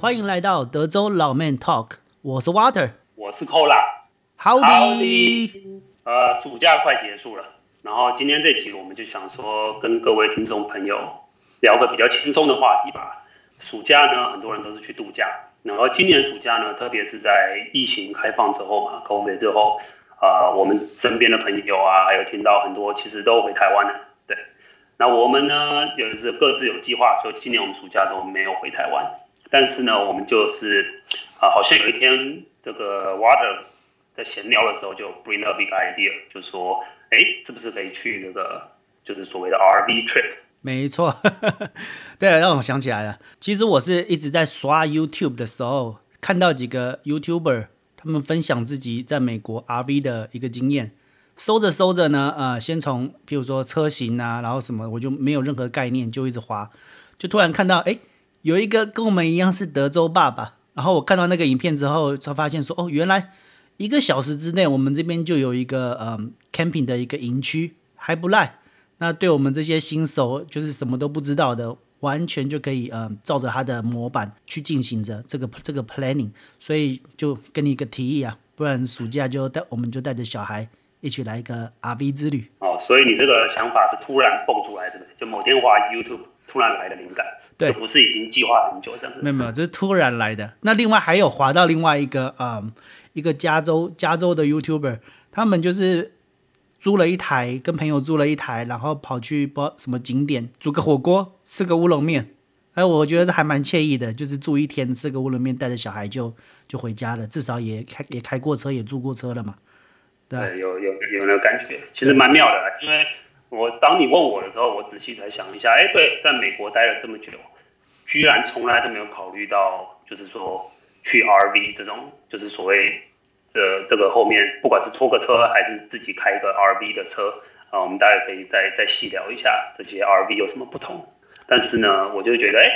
歡迎來到德州老 man talk，我是 Water，我是 Cola，好的，呃，uh, 暑假快結束了，然後今天這集我們就想說跟各位聽眾朋友聊個比較輕鬆的話題吧。暑假呢，很多人都是去度假，然後今年暑假呢，特別是在疫情開放之後嘛，隔離之後，啊、呃，我們身邊的朋友啊，還有聽到很多其實都回台灣了，對，那我們呢，就是各自有計劃，說今年我們暑假都沒有回台灣。但是呢，我們就是啊、呃，好像有一天這個 Water 在閒聊的時候就 Bring a big idea，就說，哎，是不是可以去那個就是所謂的 RV trip？沒錯，呵呵，對了，讓我想起來了。其實我是一直在刷 YouTube 的時候，看到幾個 YouTuber 他們分享自己在美國 RV 的一個經驗，搜着搜着呢，啊、呃，先從比如說車型啊，然後什麼，我就沒有任何概念，就一直滑，就突然看到，哎。有一個跟我們一樣是德州爸爸，然後我看到那個影片之後，才發現說哦，原來一個小時之內，我們這邊就有一個嗯、呃、camping 的一個營區，還不賴。那對我們這些新手，就是什麼都不知道的，完全就可以呃照着他的模板去進行着這個這個 planning。所以就給你一個提議啊，不然暑假就帶我們就帶着小孩一起來一個 RV 之旅。哦，所以你這個想法是突然蹦出來的，就某天花 YouTube 突然來的靈感。對，不是已經計劃很久這樣子。沒有沒有，這是突然來的。那另外還有滑到另外一個啊、嗯，一個加州加州的 YouTuber，他們就是租了一台，跟朋友租了一台，然後跑去包什麼景點，煮個火鍋，吃個烏龍麵。哎、呃，我覺得這還蠻愜意的，就是住一天，吃個烏龍麵，帶着小孩就就回家了。至少也開也開過車，也住過車了嘛。對，對有有有那個感覺，其實蠻妙的、啊。因為我當你問我的時候，我仔細才想了一下，哎，對，在美國待了這麼久。居然從來都沒有考慮到，就是說去 RV 這種，就是所謂這這個後面，不管是拖個車還是自己開一個 RV 的車啊，我們大家可以再再細聊一下這些 RV 有什麼不同。但是呢，我就覺得，哎，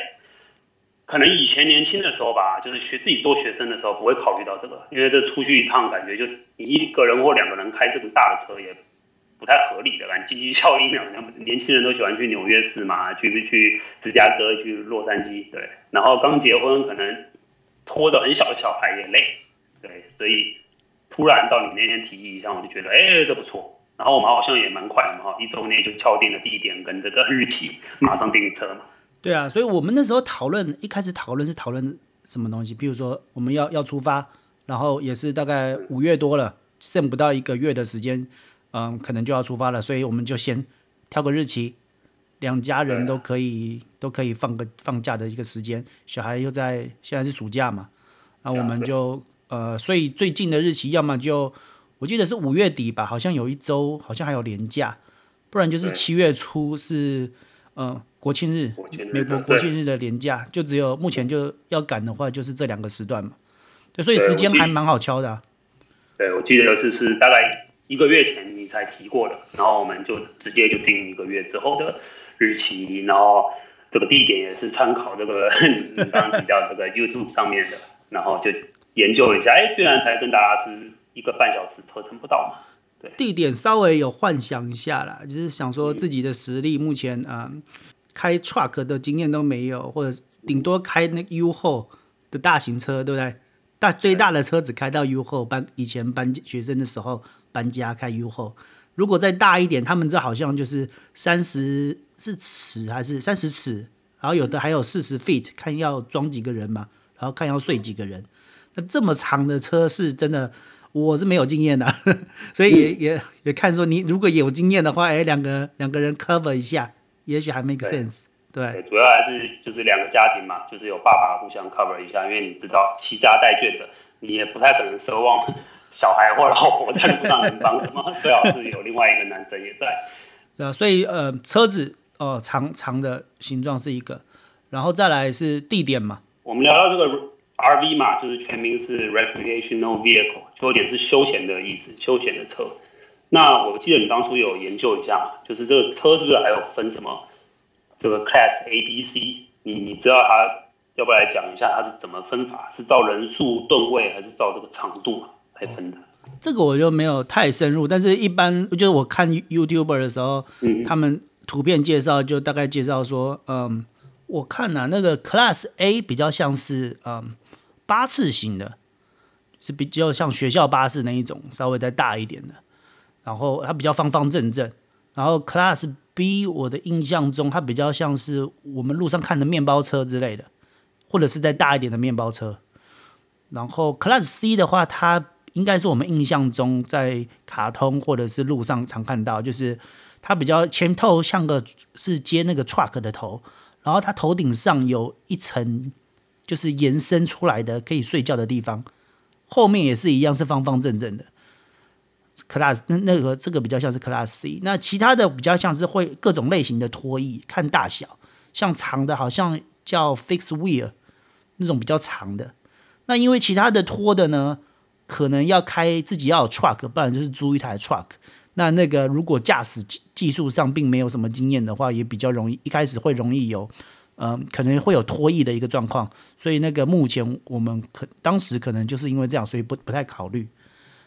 可能以前年輕的時候吧，就是學自己做學生的時候，不會考慮到這個，因為這出去一趟，感覺就一個人或兩個人開這種大的車也。不太合理的吧？經濟效益年輕人都喜歡去紐約市嘛，去去芝加哥，去洛杉磯？對。然後剛結婚，可能拖着很小的小孩也累，對。所以突然到你那天提議一下，我就覺得，誒、欸，這不錯。然後我們好像也蠻快的嘛，一周內就敲定了地點跟這個日期，馬上訂車嘛。對啊，所以我們那時候討論，一開始討論是討論什麼東西，比如說我們要要出發，然後也是大概五月多了，剩不到一個月的時間。嗯，可能就要出發了，所以我們就先挑個日期，兩家人都可以，啊、都可以放個放假的一個時間，小孩又在現在是暑假嘛，那我們就、啊、呃，所以最近的日期要麼就我記得是五月底吧，好像有一周，好像還有連假，不然就是七月初是嗯、呃、國，國慶日，美國國慶日的連假、啊，就只有目前就要趕的話就是這兩個時段嘛，對，所以時間還蠻好敲的、啊，對，我記，對我記得是是大概一個月前。才提過的，然後我們就直接就定一個月之後的日期，然後這個地點也是參考這個剛剛提到這個 YouTube 上面的， 然後就研究了一下，哎，居然才跟大家是一個半小時車程不到嘛。對，地點稍微有幻想一下啦，就是想說自己的實力目前啊，開 truck 的經驗都沒有，或者頂多開那個 U-Haul 的大型車，對不對？大最大的車子開到 U-Haul 搬，以前搬學生的時候。搬家開 U-Haul，如果再大一點，他們這好像就是三十四尺還是三十尺，然後有的還有四十 feet，看要裝幾個人嘛，然後看要睡幾個人。那這麼長的車是真的，我是沒有經驗的，啊， 所以也，嗯，也也看說你如果有經驗的話，哎，欸，兩個兩個人 cover 一下，也許還 make sense 對對。對，主要還是就是兩個家庭嘛，就是有爸爸互相 cover 一下，因為你知道攜家帶眷的，你也不太可能奢望。 小孩或老婆在路上能幫什麼 最好是有另外一個男生也在， 啊，所以呃，車子哦、呃，長長的形狀是一個，然後再來是地點嘛。我們聊到這個 RV 嘛，就是全名是 Recreational Vehicle，就有點是休閒的意思，休閒的車。那我記得你當初有研究一下，就是這個車是不是還有分什麼這個 Class A、B、C？你你知道它要不要來講一下它是怎麼分法？是照人數噸位，還是照這個長度的，這個我就沒有太深入，但是一般就是我看 YouTuber 的時候嗯嗯，他們圖片介紹就大概介紹說，嗯，我看吶、啊，那個 Class A 比較像是嗯巴士型的，是比較像學校巴士那一種稍微再大一點的，然後它比較方方正正，然後 Class B 我的印象中它比較像是我們路上看的麵包車之類的，或者是再大一點的麵包車，然後 Class C 的話它應該是我們印象中在卡通或者是路上常看到，就是它比較前頭像個是接那個 truck 的頭，然後它頭頂上有一層就是延伸出來的可以睡覺的地方，後面也是一樣是方方正正的 class 那那個這個比較像是 class C，那其他的比較像是會各種類型的拖曳，看大小，像長的好像叫 fixed wheel 那種比較長的，那因為其他的拖的呢。可能要開自己要有 truck，不然就是租一台 truck。那那個如果駕駛技技術上並沒有什麼經驗的話，也比較容易，一開始會容易有，嗯、呃，可能會有拖曳的一個狀況。所以那個目前我們可當時可能就是因為這樣，所以不不太考慮。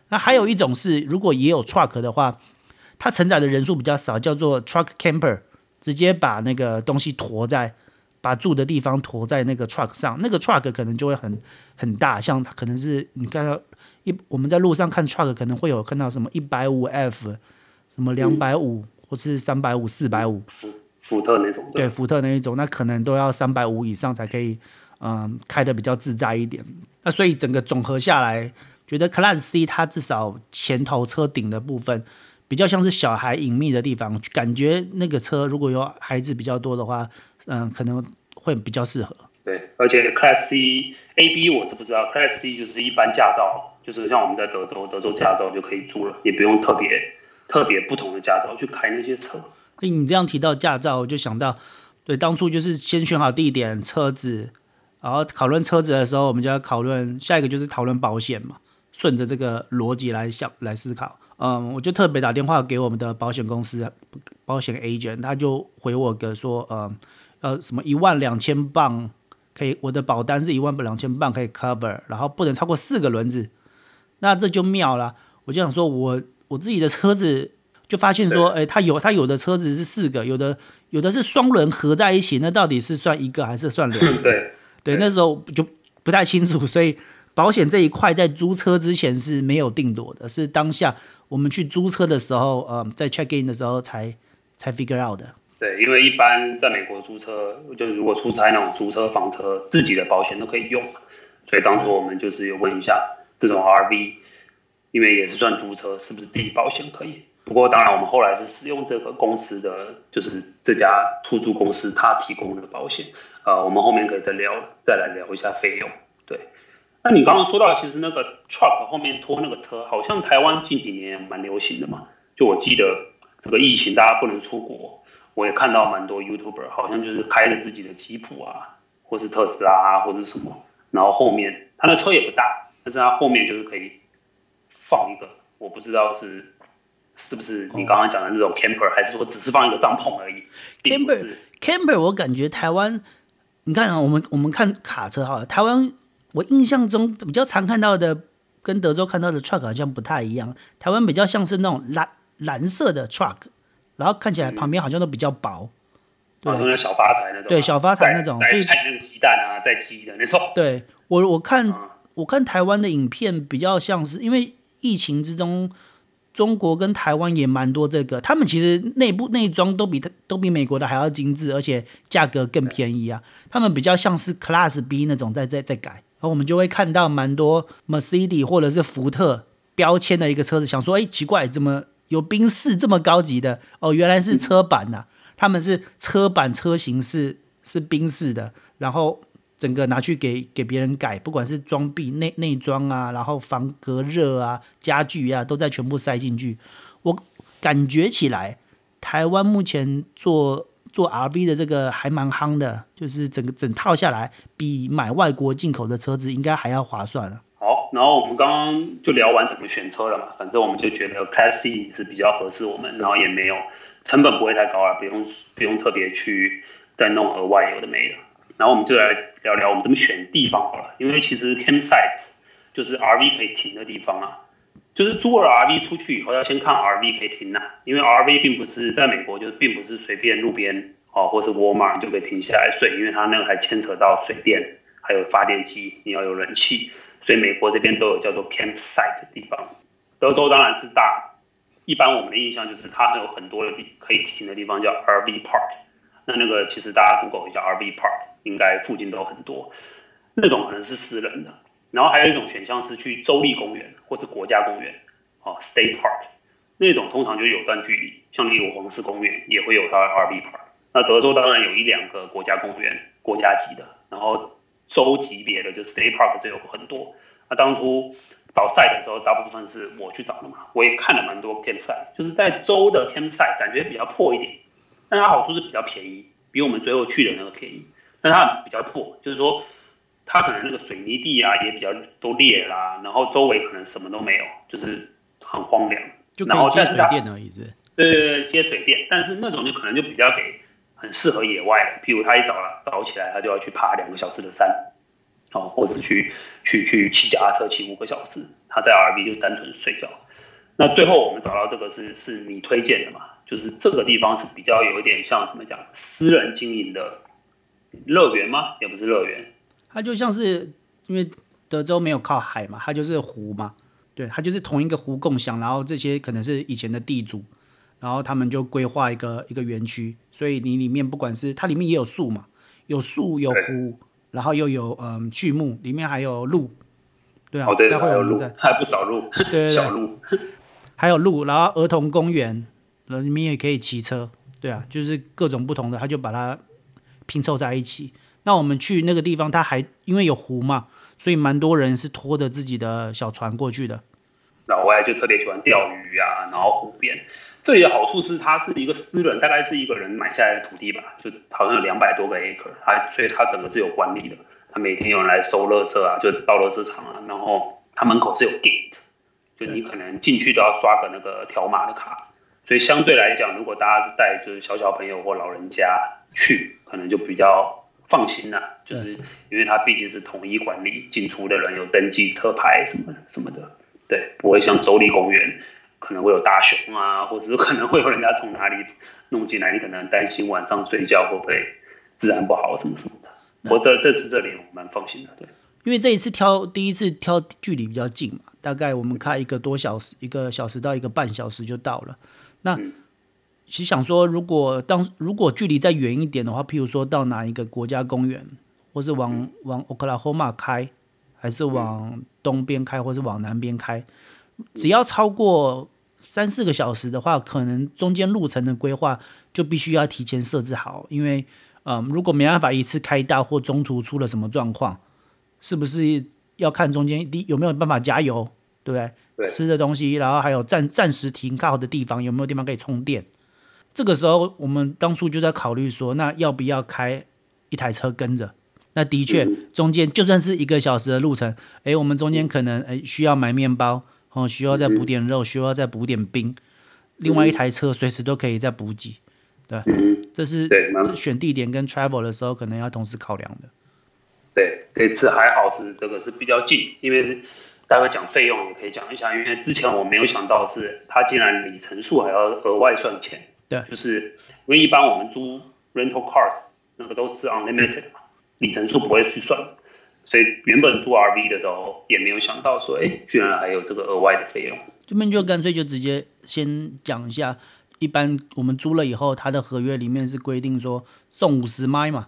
那還有一種是，如果也有 truck 的話，它承載的人數比較少，叫做 truck camper，直接把那個東西馱在，把住的地方馱在那個 truck 上，那個 truck 可能就會很很大，像它可能是你看到，一，我們在路上看 truck 可能會有看到什麼一百五 F，什麼兩百五或是三百五、四百五，福特那種，對啊，對，福特那一種，那可能都要三百五以上才可以，嗯，開得比較自在一點。那所以整個總和下來，覺得 Class C 它至少前頭車頂的部分比較像是小孩隱秘的地方，感覺那個車如果有孩子比較多的話，嗯，可能會比較適合。對，而且 Class C、A、B 我是不知道，Class C 就是一般駕照，就是像我們在德州，德州駕照就可以租了，也不用特別特別不同的駕照去開那些車。誒、嗯，你這樣提到駕照，我就想到，對，當初就是先選好地點、車子，然後討論車子的時候，我們就要討論下一個就是討論保險嘛，順着這個邏輯來想來思考。嗯，我就特別打電話給我們的保險公司保險 agent，他就回我個說，嗯，呃，什麼一萬兩千磅。可以，我的保單是一萬兩千磅可以 cover，然後不能超過四個輪子，那這就妙了。我就想說我，我我自己的車子就發現說，誒，它有它有的車子是四個，有的有的是雙輪合在一起，那到底是算一個還是算兩個？對對，那時候就不太清楚，所以保險這一塊在租車之前是沒有定奪的，是當下我們去租車的時候，呃，在 check in 的時候才才 figure out 的。對，因為一般在美國租車，就是如果出差那種租車房車，自己的保險都可以用，所以當初我們就是有問一下這種 RV，因為也是算租車，是不是自己保險可以？不過當然我們後來是使用這個公司的，就是這家出租公司他提供的保險。呃，我們後面可以再聊，再來聊一下費用。對，那你剛剛說到其實那個 truck 後面拖那個車，好像台灣近幾年蠻流行的嘛。就我記得這個疫情大家不能出國。我也看到蠻多 Youtuber，好像就是開了自己的吉普啊，或是特斯拉啊，或者什麼。然後後面他的車也不大，但是他後面就是可以放一個，我不知道是是不是你剛剛講的那種 camper，還是說只是放一個帳篷而已。camper，camper，camper 我感覺台灣，你看啊，我們我們看卡車哈，台灣我印象中比較常看到的，跟德州看到的 truck 好像不太一樣，台灣比較像是那種藍藍色的 truck，然後看起來旁邊好像都比較薄，嗯、對，小發財那種，啊，對，小發財那種，所以那個雞蛋啊，在雞的，沒錯。對我我看、嗯、我看台灣的影片，比較像是，因為疫情之中，中國跟台灣也蠻多這個，他們其實內部內裝都比都比美國的還要精緻，而且價格更便宜啊。他們比較像是 Class B 那種在在在改，然後我們就會看到蠻多 Mercedes 或者是福特標籤的一個車子，想說，哎，奇怪，怎麼？有冰室這麼高級的哦，原來是車板呐、啊。他們是車板車型是是冰室的，然後整個拿去給給別人改，不管是裝備內內裝啊，然後防隔熱啊、傢具啊，都在全部塞進去。我感覺起來，台灣目前做做 RV 的這個還蠻夯的，就是整個整套下來，比買外國進口的車子應該還要划算啊。然後我們剛剛就聊完怎麼選車了嘛，反正我們就覺得 Class C 是比較合適我們，然後也沒有成本不會太高啊，不用不用特別去再弄額外有的沒的。然後我們就來聊聊我們怎麼選地方好了，因為其實 Campsite 就是 RV 可以停的地方啊，就是租了 RV 出去以後要先看 RV 可以停哪，啊，因為 RV 並不是在美國就是並不是隨便路邊哦，啊，或是 Walmart 就可以停下來睡，因為它那個還牽扯到水電還有發電機，你要有冷氣。所以美國這邊都有叫做 campsite 的地方，德州當然是大，一般我們的印象就是它還有很多的地可以停的地方叫 RV park。那那個其實大家 Google 一下 RV park，應該附近都很多，那種可能是私人的，然後還有一種選項是去州立公園或是國家公園，啊、uh,，State Park，那種通常就有段距離，像例如黃石公園也會有它的 RV park，那德州當然有一兩個國家公園，國家級的，然後。州級別的就是 State Park 這有很多，那、啊、當初找 site 的時候，大部分是我去找的嘛，我也看了蠻多 camp site，就是在州的 camp site 感覺比較破一點，但它好處是比較便宜，比我們最後去的那個便宜，但它比較破，就是說它可能那個水泥地啊也比較都裂啦，然後周圍可能什麼都沒有，就是很荒涼，就可以接水電而已，接水電，但是那種就可能就比較給。很適合野外，譬如，他一早了早起來，他就要去爬兩個小時的山，哦，或是去去去騎腳踏車騎五個小時，他在 RV 就單純睡覺。那最後我們找到這個是是你推薦的嘛？就是這個地方是比較有一點像怎麼講，私人經營的樂園嗎？也不是樂園，它就像是，因為德州沒有靠海嘛，它就是湖嘛，對，它就是同一個湖共享，然後這些可能是以前的地主。然後他們就規劃一個一個園區，所以你裡面不管是它裡面也有樹嘛，有樹有湖，然後又有嗯巨、呃、木，裡面還有路，對啊，它、哦、會還有路，還不少路，對，對，對，對小路還有路，然後兒童公園，裡面也可以騎車，對啊，就是各種不同的，他就把它拼湊在一起。那我們去那個地方，它還因為有湖嘛，所以蠻多人是拖着自己的小船過去的。老外就特別喜歡釣魚啊，然後湖邊。這裡的好處是，它是一個私人，大概是一個人買下來的土地吧，就好像有兩百多個 acre，它所以它整個是有管理的，它每天有人來收垃圾啊，就倒垃圾場啊，然後它門口是有 gate，就你可能進去都要刷個那個條碼的卡，所以相對來講，如果大家是帶就是小小朋友或老人家去，可能就比較放心了，啊，就是因為它畢竟是統一管理，進出的人有登記車牌什麼的什麼的，對，不會像州立公園。可能會有大熊啊，或者是可能會有人家從哪裡弄進來，你可能擔心晚上睡覺會不會治安不好什麼什麼的。或者這次這裡我蠻放心的，對，因為這一次挑第一次挑距離比較近嘛，大概我們開一個多小時，嗯，一個小時到一個半小時就到了。那、嗯、其實想說如，如果當如果距離再遠一點的話，譬如說到哪一個國家公園，或是往往 Oklahoma 開，還是往東邊開，或是往南邊開。嗯只要超過三四個小時的話，可能中間路程的規劃就必須要提前設置好，因為嗯，如果沒辦法一次開到，或中途出了什麼狀況，是不是要看中間有有沒有辦法加油，對不對？對吃的東西，然後還有暫暫時停靠的地方，有沒有地方可以充電？這個時候，我們當初就在考慮說，那要不要開一台車跟着？那的確，嗯，中間就算是一個小時的路程，誒，我們中間可能誒需要買麵包。哦、嗯，需要再補點肉，需要再補點冰。另外一台車隨時都可以再補給，對，嗯嗯，這是選地點跟 travel 的時候可能要同時考量的。對，這次還好是這個是比較近，因為大概講費用也可以講一下，因為之前我沒有想到是他竟然里程數還要額外算錢，對，就是因為一般我們租 rental cars 那個都是 unlimited 嘛，里程數不會去算。所以原本租 RV 的時候也沒有想到說，哎，居然還有這個額外的費用。這邊就乾脆就直接先講一下，一般我們租了以後，它的合約裡面是規定說送五十 mile 嘛，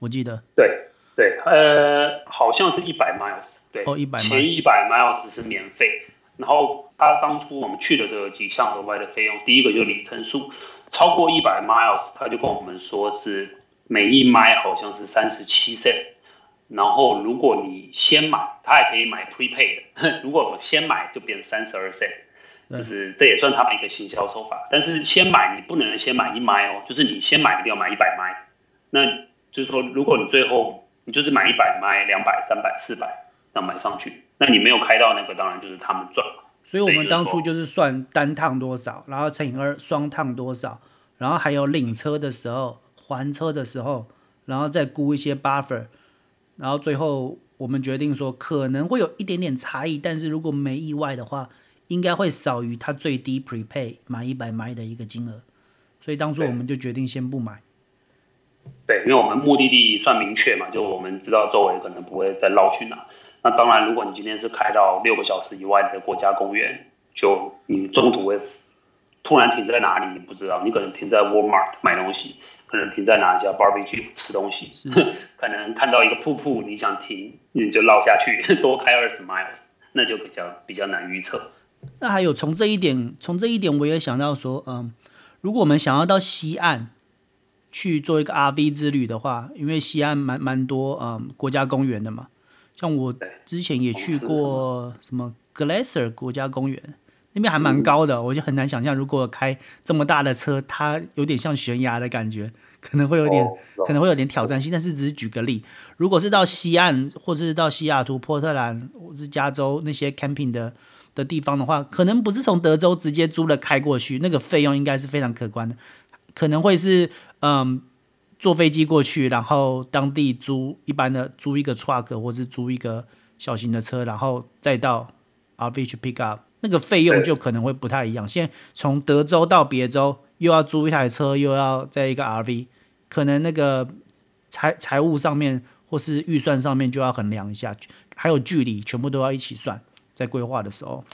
我記得。對對，呃，好像是一百 miles，對，哦，前一百 miles 是免費。然後他當初我們去的這幾項額外的費用，第一個就是里程數，超過一百 miles，他就跟我們說是每一 mile 好像是三十七 cent 然後如果你先買，他還可以買 prepaid 的。如果我先買就變成三十二折，就是這也算他們一個行銷手法。但是先買你不能先買一麥哦，就是你先買一定要買一百麥。那就是說，如果你最後、嗯、你就是買一百麥、兩百、三百、四百，那買上去，那你沒有開到那個，當然就是他們賺。所以，所以我們當初就是算單趟多少，然後乘以二雙趟多少，然後還有領車的時候、還車的時候，然後再估一些 buffer。然後最後我們決定說，可能會有一點點差異，但是如果沒意外的話，應該會少於它最低 prepaid 買一百邁的一個金額，所以當初我們就決定先不買。對，因為我們目的地算明確嘛，就我們知道周圍可能不會再繞去哪。那當然，如果你今天是開到六個小時以外的國家公園，就你中途會突然停在哪裡，你不知道，你可能停在 Walmart 買東西。可能停在哪一家 barbecue 吃東西是，可能看到一個瀑布，你想停你就繞下去多開二十 miles，那就比較比較難預測。那還有從這一點，從這一點我也想到說，嗯，如果我們想要到西岸去做一個 RV 之旅的話，因為西岸蠻蠻多嗯國家公園的嘛，像我之前也去過什麼 Glacier 國家公園。那邊還蠻高的，我就很難想象，如果開這麼大的車，它有點像懸崖的感覺，可能會有點可能會有點挑戰性。但是只是舉個例，如果是到西岸，或者是到西雅圖、波特蘭，或是加州那些 camping 的的地方的話，可能不是從德州直接租了開過去，那個費用應該是非常可觀的。可能會是嗯，坐飛機過去，然後當地租一般的租一個 truck，或是租一個小型的車，然後再到 RV 去 pick up。那個費用就可能會不太一樣。現在從德州到別州又要租一台車，又要在一個 RV，可能那個財財務上面或是預算上面就要衡量一下，還有距離，全部都要一起算，在規劃的時候。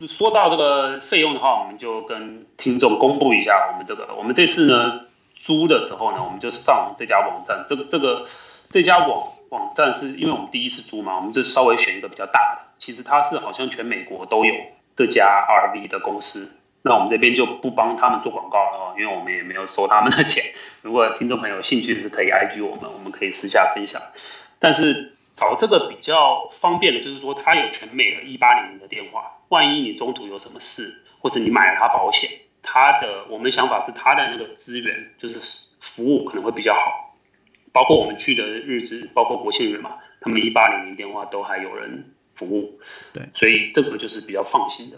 說到這個費用的話，我們就跟聽眾公布一下，我們這個我們這次呢，租的時候呢，我們就上這家網站。這個這個這家網網站是因為我們第一次租嘛，我們就稍微選一個比較大的。其實它是好像全美國都有。這家 RV 的公司，那我們這邊就不幫他們做廣告了，因為我們也沒有收他們的錢。如果聽眾朋友有興趣，是可以 IG 我們，我們可以私下分享。但是找這個比較方便的，就是說他有全美的一八零零的電話，萬一你中途有什麼事，或者你買了他保險，他的我們想法是他的那個資源就是服務可能會比較好。包括我們去的日子，包括國慶日嘛，他們一八零零電話都還有人。服務，對，所以這個就是比較放心的。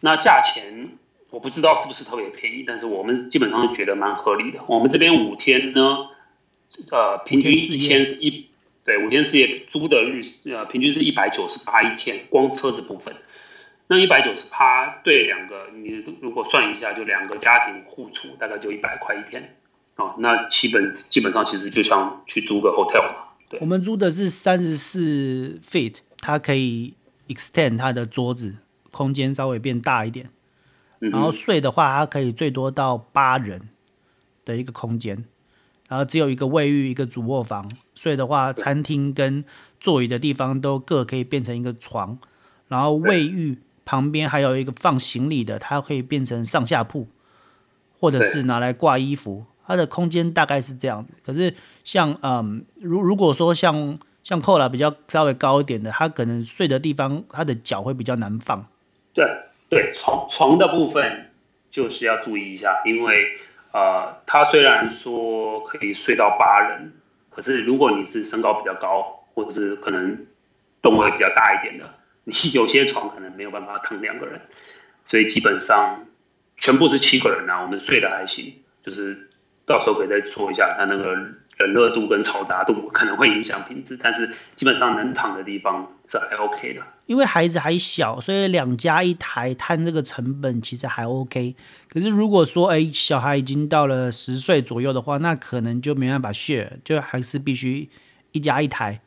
那價錢我不知道是不是特別便宜，但是我們基本上覺得蠻合理的。我們這邊五天呢，呃，平均一天是一天四，對，五天四夜租的日呃平均是一百九十八一天，光車子部分。那一百九十八對兩個你如果算一下，就兩個家庭互處，大概就一百塊一天啊。哦，那基本基本上其實就像去租個 hotel 嘛。對。我們租的是三十四 feet 它可以 extend 它的桌子空間，稍微變大一點，然後睡的話，它可以最多到八人的一個空間，然後只有一個衛浴一個主臥房，睡的話，餐廳跟座椅的地方都各可以變成一個床，然後衛浴旁邊還有一個放行李的，它可以變成上下鋪，或者是拿來掛衣服，它的空間大概是這樣子。可是像嗯，如如果說像。像扣拉比較稍微高一點的，他可能睡的地方，他的腳會比較難放。對對，床床的部分就是要注意一下，因為呃，他雖然說可以睡到八人，可是如果你是身高比較高，或者是可能動作比較大一點的，你有些床可能沒有辦法躺兩個人，所以基本上全部是七個人啊。我們睡的還行，就是到時候可以再說一下他那個。冷熱度跟嘈雜度可能會影響品質，但是基本上能躺的地方是還 OK 的。因為孩子還小，所以兩家一台，攤這個成本其實還 OK。可是如果說哎、欸，小孩已經到了十歲左右的話，那可能就沒辦法 share，就還是必須一家一台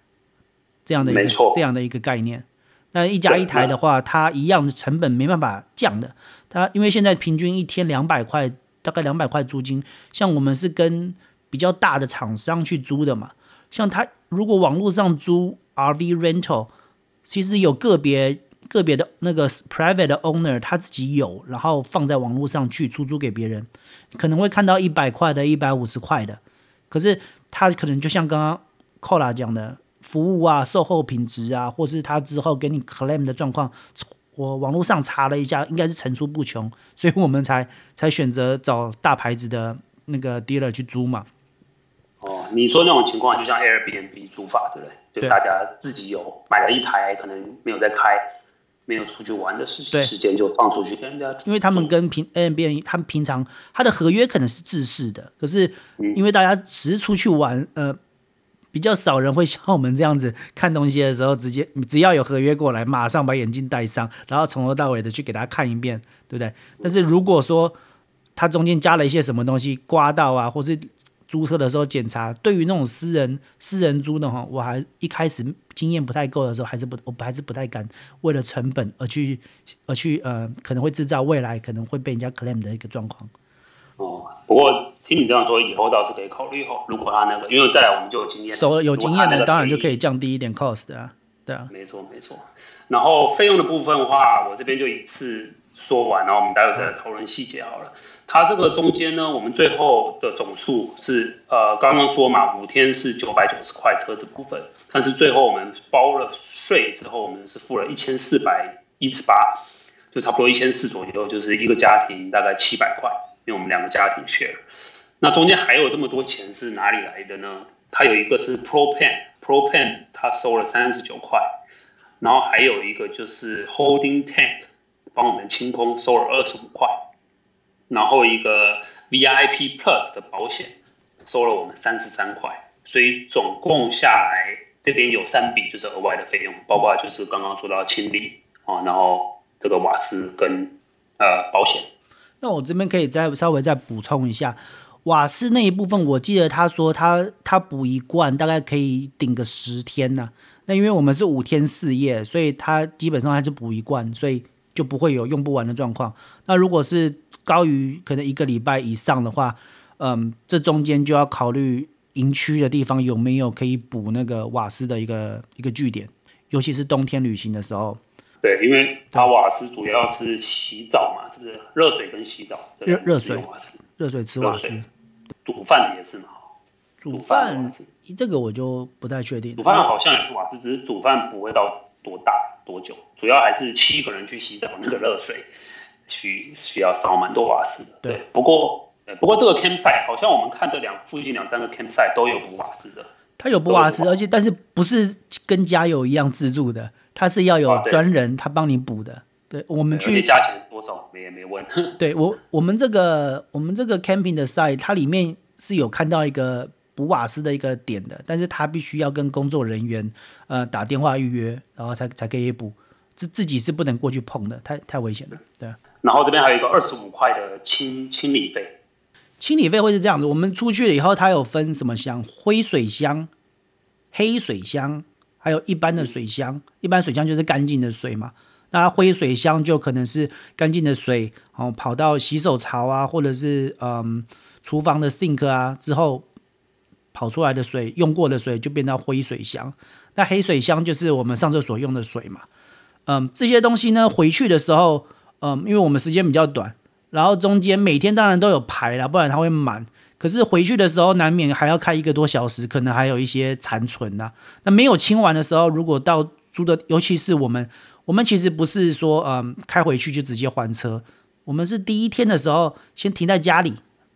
這樣的一個這樣的一個概念。那一家一台的話、嗯，它一樣的成本沒辦法降的。它因為現在平均一天兩百塊，大概兩百塊租金，像我們是跟。比較大的廠商去租的嘛，像他如果網絡上租 RV rental，其實有個別個別的那個 private 的 owner 他自己有，然後放在網絡上去出租給別人，可能會看到一百塊的、一百五十塊的，可是他可能就像剛剛 Cola 講的，服務啊、售後品質啊，或是他之後給你 claim 的狀況，我網絡上查了一下，應該是層出不窮，所以我們才才選擇找大牌子的那個 dealer 去租嘛。你說那種情況，就像 Airbnb 租法，對不對？就大家自己有買了一台，可能沒有在開，沒有出去玩的時時間，就放出去。跟人家，因為他們跟平 Airbnb，他們平常他的合約可能是制式的，可是因為大家只是出去玩，嗯，呃，比較少人會像我們這樣子看東西的時候，直接只要有合約過來，馬上把眼鏡戴上，然後從頭到尾的去給大家看一遍，對不對？但是如果說他中間加了一些什麼東西，刮到啊，或是。租車的時候檢查，對於那種私人私人租的話，我還一開始經驗不太夠的時候，還是不，我不還是不太敢為了成本而去，而去呃，可能會制造未來可能會被人家 claim 的一個狀況。哦，不過聽你這樣說，以後倒是可以考慮哈、哦，如果他那個，因為再來我們就有經驗，熟有經驗的當然就可以降低一點 cost 啊，對啊，沒錯沒錯。然後費用的部分的話，我這邊就一次說完，然後我們待會再來討論細節好了。它這個中間呢，我們最後的總數是呃剛剛說嘛，五天是九百九十塊車子部分，但是最後我們包了稅之後，我們是付了一千四百一十八，就差不多一千四左右，就是一個家庭大概七百塊，因為我們兩個家庭 share。那中間還有這麼多錢是哪裡來的呢？它有一個是 propane，propane 它收了三十九塊，然後還有一個就是 holding tank 幫我們清空收了二十五塊。然後一個 VIP Plus 的保險收了我們三十三塊，所以總共下來這邊有三筆就是額外的費用，包括就是剛剛說到清理啊、哦，然後這個瓦斯跟呃保險。那我這邊可以再稍微再補充一下，瓦斯那一部分，我記得他說他他補一罐大概可以頂個十天呢、啊。那因為我們是五天四夜，所以他基本上還是補一罐，所以就不會有用不完的狀況。那如果是高於可能一個禮拜以上的話，嗯，這中間就要考慮營區的地方有沒有可以補那個瓦斯的一個一個據點，尤其是冬天旅行的時候。對，因為它瓦斯主要是洗澡嘛，是不是？熱水跟洗澡。熱熱水瓦斯，熱水吃瓦斯。煮飯也是煮飯，飯這個我就不太確定。煮飯好像也是瓦斯，只是煮飯不會到多大多久，主要還是七個人去洗澡那個熱水。 需需要燒蠻多瓦斯的，對，不過不過這個 camp site 好像我們看這兩附近兩三個 camp site 都有補瓦斯的，他有補瓦斯，而且但是不是跟加油一樣自助的，他是要有專人、啊、他幫你補的，對我們去價錢多少沒沒問，呵呵，對我我們這個我們這個 camping 的 site 它裡面是有看到一個補瓦斯的一個點的，但是他必須要跟工作人員呃打電話預約，然後才才可以補，自自己是不能過去碰的，太太危險了，對。然後這邊還有一個二十五塊的清清理費，清理費會是這樣子：我們出去了以後，它有分什麼箱？灰水箱、黑水箱，還有一般的水箱。一般水箱就是乾淨的水嘛。那灰水箱就可能是乾淨的水，然後跑到洗手槽啊，或者是嗯廚房的 sink 啊之後跑出來的水，用過的水就變到灰水箱。那黑水箱就是我們上廁所用的水嘛。嗯，這些東西呢，回去的時候。嗯，因為我們時間比較短，然後中間每天當然都有排了，不然它會滿。可是回去的時候難免還要開一個多小時，可能還有一些殘存吶。那沒有清完的時候，如果到租的，尤其是我們，我們其實不是說嗯開回去就直接還車，我們是第一天的時候先停在家裡，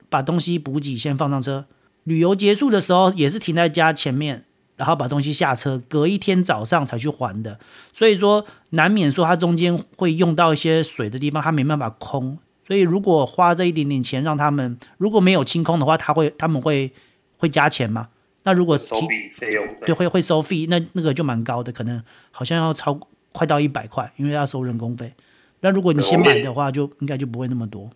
把東西補給先放上車。旅遊結束的時候也是停在家前面。然後把東西下車，隔一天早上才去還的，所以說難免說它中間會用到一些水的地方，它沒辦法空。所以如果花這一點點錢，讓他們如果沒有清空的話，他會他們會會加錢嗎？那如果收費用對對會會收費，那那個就蠻高的，可能好像要超快到一百塊，因為要收人工費。那如果你先買的話，就應該就不會那麼多。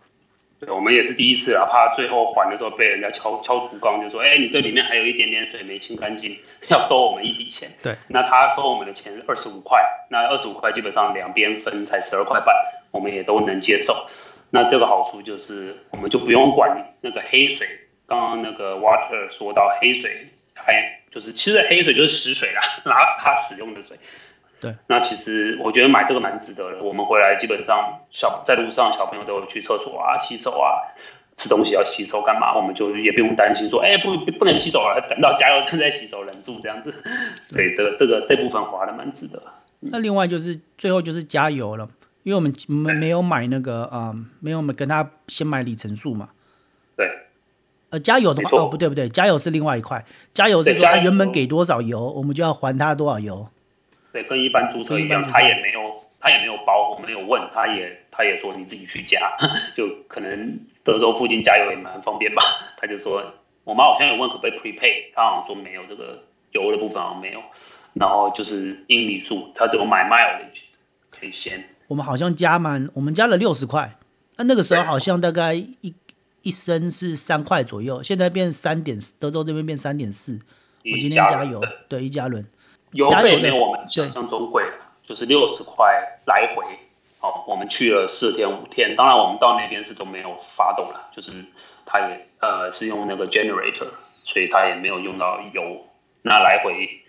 對我們也是第一次啊，怕最後還的時候被人家敲敲竹槓，就說，哎、欸，你這裡面還有一點點水沒清乾淨，要收我們一筆錢。對，那他收我們的錢是二十五塊，那二十五塊基本上兩邊分才十二塊半，我們也都能接受。那這個好處就是，我們就不用管那個黑水，剛剛那個 Water 說到黑水，還就是其實黑水就是屎水啦，拿 他使用的水。對，那其實我覺得買這個蠻值得的。我們回來基本上小在路上小朋友都有去廁所啊、洗手啊、吃東西要洗手幹嘛，我們就也不用擔心說，哎，不不能洗手啊等到加油站再洗手，忍住這樣子。所以這個、嗯、這個、這個、這部分花的蠻值得、嗯。那另外就是最後就是加油了，因為我們沒沒有買那個啊、嗯，沒有跟他先買里程數嘛。對。呃，加油的話哦，不對不對，加油是另外一塊。加油是說他原本給多少油，油我們就要還他多少油。對，跟一般租車一樣一車，他也沒有，他也沒有包，我沒有問，他也，他也說你自己去加，就可能德州附近加油也蠻方便吧。他就說，我媽好像有問可不可以 Prepay，他好像說沒有這個油的部分好像沒有，然後就是英里數，他這個買 Mileage 可以先。我們好像加滿，我們加了六十塊，那那個時候好像大概一，一升是三塊左右，現在變三點四，德州這邊變三點四，我今天加油，一加侖對，一加侖。油費沒我們想象中貴，就是六十塊來回。哦，我們去了四天五天，當然我們到那邊是都沒有發動了，就是它也呃是用那個 generator，所以它也沒有用到油。那來回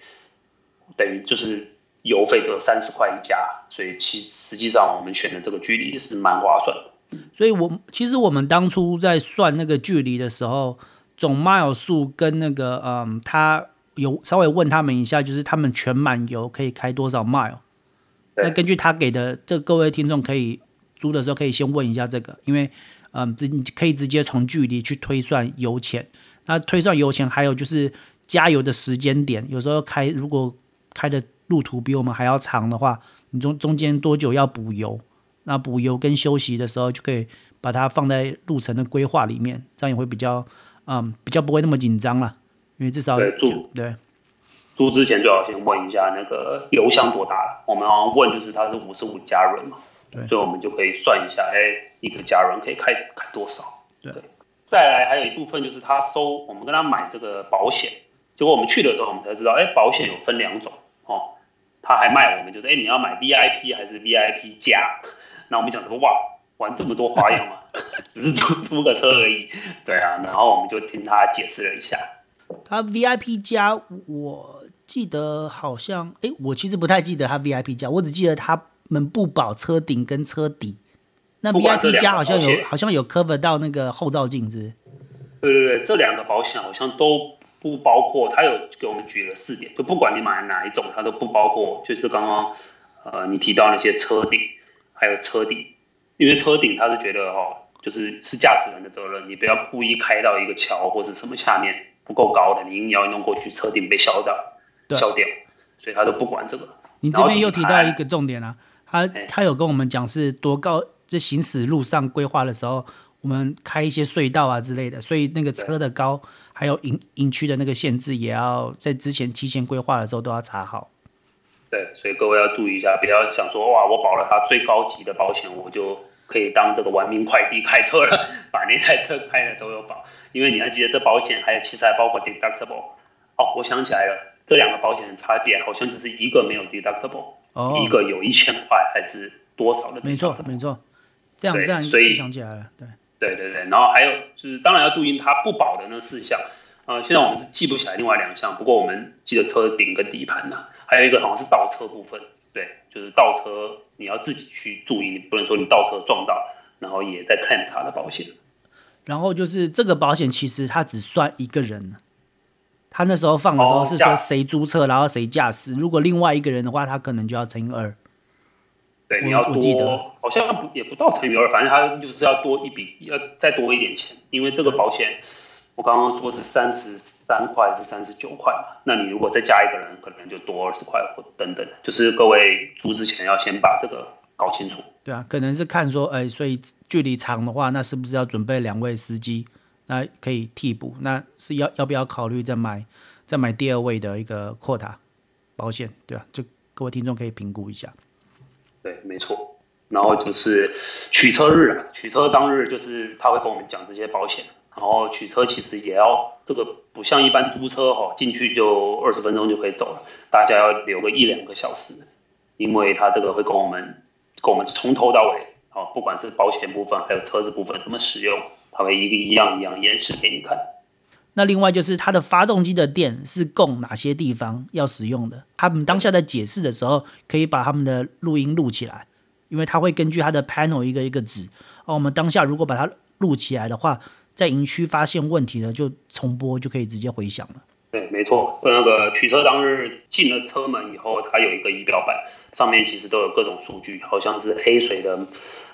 等於就是油費只有三十塊一家，所以其實際上我們選的這個距離是蠻划算的。所以我其實我們當初在算那個距離的時候，總 mile 數跟那個嗯它。他有稍微問他們一下，就是他們全滿油可以開多少 mile？那根據他給的，這各位聽眾可以租的時候可以先問一下這個，因為，嗯，直你可以直接從距離去推算油錢。那推算油錢，還有就是加油的時間點，有時候開如果開的路途比我們還要長的話，你中中間多久要補油？那補油跟休息的時候就可以把它放在路程的規劃裡面，這樣也會比較，嗯，比較不會那麼緊張了。因為至少對租對租之前最好先問一下那個油箱多大了，我們好像問就是他是五十五加侖嘛，對，所以我們就可以算一下，哎、欸，一個加侖可以開開多少對？對。再來還有一部分就是他收我們跟他買這個保險，結果我們去的時候我們才知道，哎、欸，保險有分兩種哦。他還賣我們就是，哎、欸，你要買 VIP 還是 VIP 加？那我們想說，哇，玩這麼多花樣嗎？ 只是租租個車而已。對啊，然後我們就聽他解釋了一下。他 VIP 加，我記得好像，哎，我其實不太記得他 VIP 加，我只記得他們不保車頂跟車底。那 VIP 加好像有，好像有 cover 到那個後照鏡子。對對對，這兩個保險好像都不包括。他有給我們舉了四點，就不管你買哪一種，它都不包括，就是剛剛，呃，你提到那些車頂還有車底，因為車頂他是覺得哦，就是是駕駛人的責任，你不要故意開到一個橋或者什麼下面。不夠高的，你硬要弄過去，車頂被削掉，對，削掉，所以他都不管這個。你這邊又提到一個重點啊，他、嗯、他有跟我們講是多高，在行駛路上規劃的時候，我們開一些隧道啊之類的，所以那個車的高還有營營區的那個限制，也要在之前提前規劃的時候都要查好。對，所以各位要注意一下，不要想說哇，我保了他最高級的保險，我就可以當這個玩命快遞開車了， 把那台車開的都有保。因為你要記得這保險，還有其實還包括 deductible。哦，我想起來了，這兩個保險的差別好像就是一個沒有 deductible，oh, 一個有一千塊還是多少的。沒錯，沒錯。這樣這樣，所以想起來了，對，對對對。然後還有就是，當然要注意它不保的那四項。呃，現在我們是記不起來另外兩項，不過我們記得車頂跟底盤吶、啊，還有一個好像是倒車部分。對，就是倒車你要自己去注意，你不能說你倒車撞到，然後也在看它的保險。然後就是這個保險，其實它只算一個人。他那時候放的時候是說誰租車，哦，然後誰駕駛。如果另外一個人的話，他可能就要乘以二。對，你要我記得好像也不到乘以二，反正他就是要多一筆，要再多一點錢。因為這個保險，我剛剛說是三十三塊還是三十九塊嘛？那你如果再加一個人，可能就多二十塊或等等。就是各位租之前要先把這個。搞清楚，對啊，可能是看說，哎，所以距離長的話，那是不是要準備兩位司機，那可以替補？那是要要不要考慮再買，再買第二位的一個 quota 保險？對啊，就各位聽眾可以評估一下。對，沒錯。然後就是取車日啊，取車當日就是他會跟我們講這些保險，然後取車其實也要這個不像一般租車哈、哦，進去就二十分鐘就可以走了，大家要留個一兩個小時，因為他這個會跟我們。我們從頭到尾，好、哦，不管是保險部分，還有車子部分怎麼使用，他會一個一樣一樣演示給你看。那另外就是它的發動機的電是供哪些地方要使用的？他們當下在解釋的時候，可以把他們的錄音錄起來，因為他會根據他的 panel 一個一個指。哦、啊，我們當下如果把它錄起來的話，在營區發現問題了，就重播就可以直接回響了。對，沒錯。那個取車當日進了車門以後，它有一個儀表板，上面其實都有各種數據，好像是黑水的，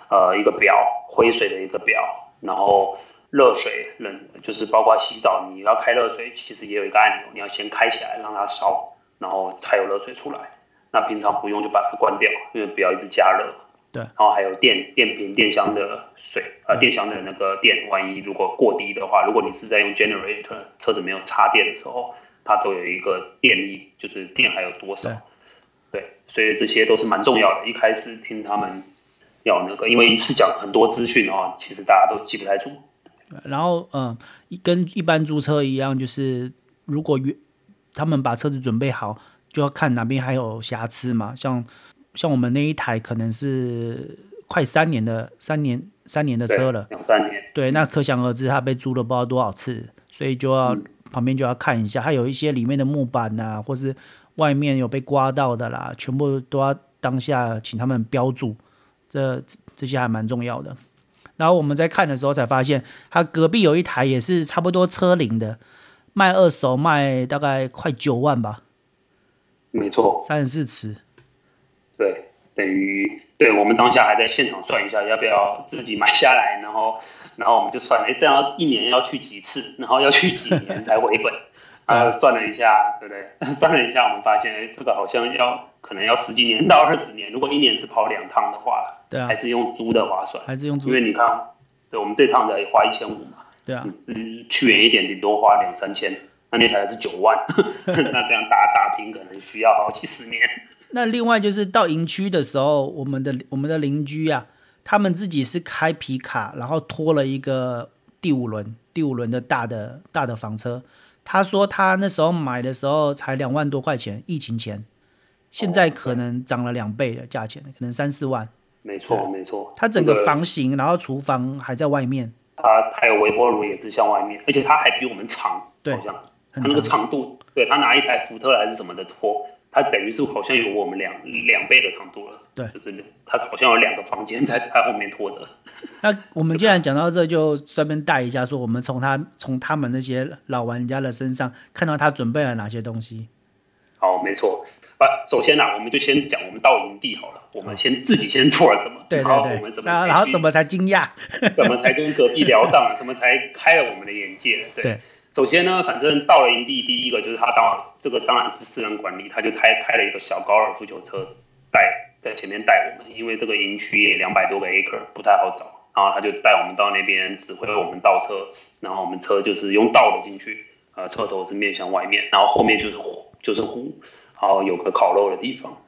呃，一個表，灰水的一個表，然後熱水冷就是包括洗澡，你要開熱水，其實也有一個按鈕，你要先開起來讓它燒，然後才有熱水出來。那平常不用就把它關掉，因為不要一直加熱。對，然後還有電電瓶、電箱的水啊，呃、電箱的那個電，萬一如果過低的話，如果你是在用 generator 車子沒有插電的時候，它都有一個電力，就是電還有多少。對，對，所以這些都是蠻重要的。一開始聽他們要那個，因為一次講很多資訊啊、哦，其實大家都記不太住。然後嗯，一、呃、跟一般租車一樣，就是如果約他們把車子準備好，就要看哪邊還有瑕疵嘛，像。像我們那一台可能是快三年的三年三年的車了，兩三年。對，那可想而知它被租了不知道多少次，所以就要、嗯、旁邊就要看一下，它有一些裡面的木板啊，或是外面有被刮到的啦，全部都要當下請他們標注，這這些還蠻重要的。然後我們在看的時候才發現，它隔壁有一台也是差不多車齡的，賣二手賣大概快九萬吧，沒錯，三十四尺。對，等於對我們當下還在現場算一下，要不要自己買下來，然後，然後我們就算了，這樣一年要去幾次，然後要去幾年才回本？ 啊，啊，算了一下，對不對？算了一下，我們發現，哎，這個好像要可能要十幾年到二十年，如果一年只跑兩趟的話，對、啊、還是用租的划算，還是用租，因為你看，對，我們這趟得花一千五嘛，對啊，嗯，去遠一點頂多花兩三千，那那台是九萬， 那這樣打打平可能需要好幾十年。那另外就是到營區的時候，我們的我們的鄰居啊，他們自己是開皮卡，然後拖了一個第五輪第五輪的大的大的房車。他說他那時候買的時候才兩萬多塊錢，疫情前，現在可能漲了兩倍的價錢，可能三四萬。哦、沒錯沒錯，他整個房型、這個，然後廚房還在外面，他還有微波爐也是向外面，而且他還比我們長，對好像，很長，他那個長度，對他拿一台福特還是什麼的拖。他等於是好像有我們兩、嗯、兩倍的長度了，對，就是他好像有兩個房間在他後面拖着。那我們既然講到這，就順便帶一下，說我們從他從他們那些老玩家的身上，看到他準備了哪些東西。好，沒錯、啊、首先呢、啊，我們就先講我們到營地好了，嗯、我們先自己先做了什麼，對對對然後我們什麼才然後怎麼才驚訝， 怎麼才跟隔壁聊上，怎 麼才開了我們的眼界，對。對首先呢，反正到了營地，第一個就是他到，這個當然是私人管理，他就開開了一個小高爾夫球車帶在前面帶我們，因為這個營區兩百多個 acre 不太好找，然後他就帶我們到那邊指揮我們倒車，然後我們車就是用倒的進去，呃車頭是面向外面，然後後面就是就是湖，然後有個烤肉的地方，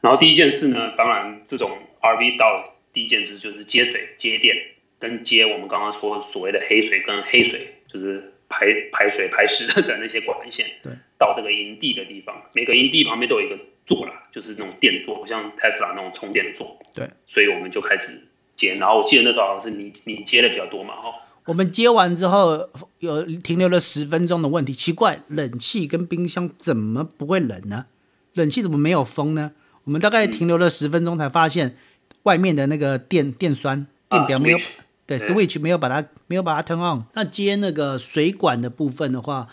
然後第一件事呢，當然這種 RV 到第一件事就是接水接電，跟接我們剛剛說所謂的黑水跟黑水就是。排排水排濕的那些管線，對，到這個營地的地方，每個營地旁邊都有一個座啦，就是那種電座，像 Tesla 那種充電座。對，所以我們就開始接，然後我記得那時候是你你接的比較多嘛，哈。我們接完之後，有停留了十分鐘的問題，奇怪，冷氣跟冰箱怎麼不會冷呢？冷氣怎麼沒有風呢？我們大概停留了十分鐘才發現，外面的那個電、嗯、電酸，電表沒有。Uh, 對，switch 沒有把它沒有把它 turn on。那接那個水管的部分的話，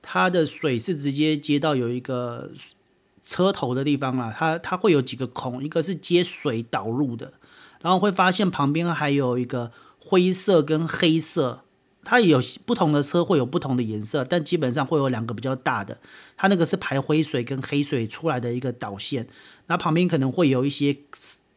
它的水是直接接到有一個車頭的地方啊。它它會有幾個孔，一個是接水導入的，然後會發現旁邊還有一個灰色跟黑色，它有不同的車會有不同的顏色，但基本上會有兩個比較大的，它那個是排灰水跟黑水出來的一個導線，那旁邊可能會有一些。